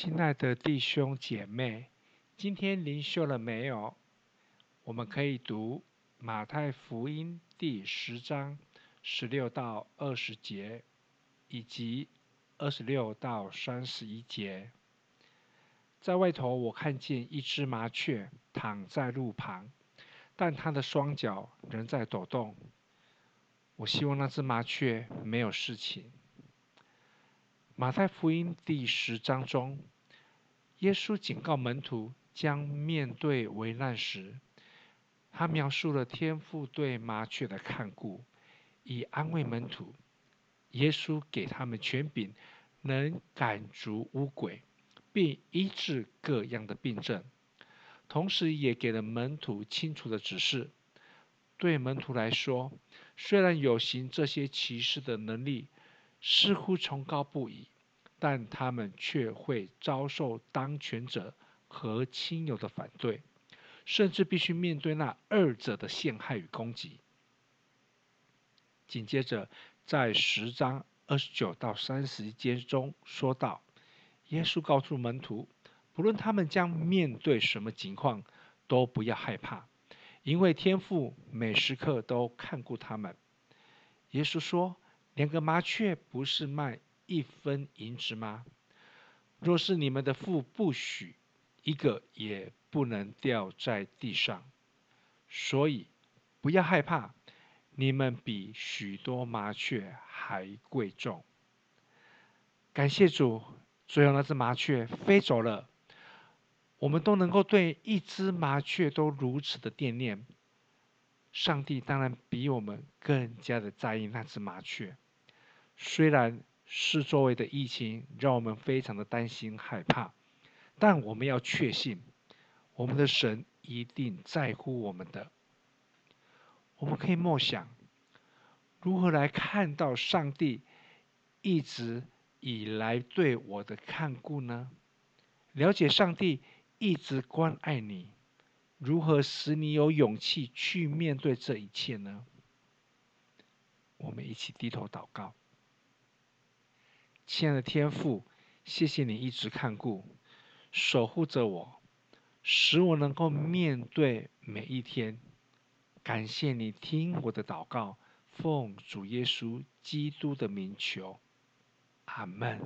親愛的弟兄姐妹，今天靈修了沒有？我們可以讀馬太福音第十章十六到二十節，以及二十六到三十一節。在外頭，我看見一隻麻雀躺在路旁，但它的雙腳仍在抖動。我希望那隻麻雀沒有事情。馬太福音第十章中，耶穌警告門徒將面對危難時，他描述了天父對麻雀的看顧，以安慰門徒。耶穌給他們權柄，能趕逐污鬼，並醫治各樣的病症，同時也給了門徒清楚的指示。對門徒來說，雖然有行這些奇事的能力。似乎崇高不已，但他們卻會遭受當權者和親友的反對，甚至必須面對那二者的陷害與攻擊。緊接着，在十章二十九到三十節中說道：“耶穌告訴門徒，不論他們將面對什麼情況，都不要害怕，因為天父每時刻都看顧他們。”耶穌說。兩個麻雀不是賣一分銀子嗎？若是你們的父不許，一個也不能掉在地上，所以不要害怕，你們比許多麻雀還貴重。感謝主，最後那只麻雀飛走了，我們都能夠對一只麻雀都如此的惦念，上帝當然比我們更加的在意那只麻雀。雖然是周圍的疫情讓我們非常的擔心害怕，但我們要確信，我們的神一定在乎我們的。我們可以默想，如何來看到上帝一直以來對我的看顧呢？了解上帝一直關愛你，如何使你有勇氣去面對這一切呢？我們一起低頭禱告。親愛的天父，謝謝你一直看顧、守護着我，使我能夠面對每一天。感謝你聽我的禱告，奉主耶穌基督的名求，阿門。